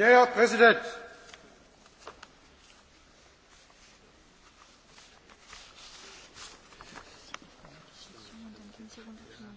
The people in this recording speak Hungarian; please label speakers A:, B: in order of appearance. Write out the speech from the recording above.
A: Der Herr Präsident!